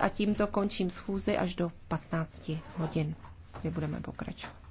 a tímto končím schůzi až do 15 hodin, kdy budeme pokračovat.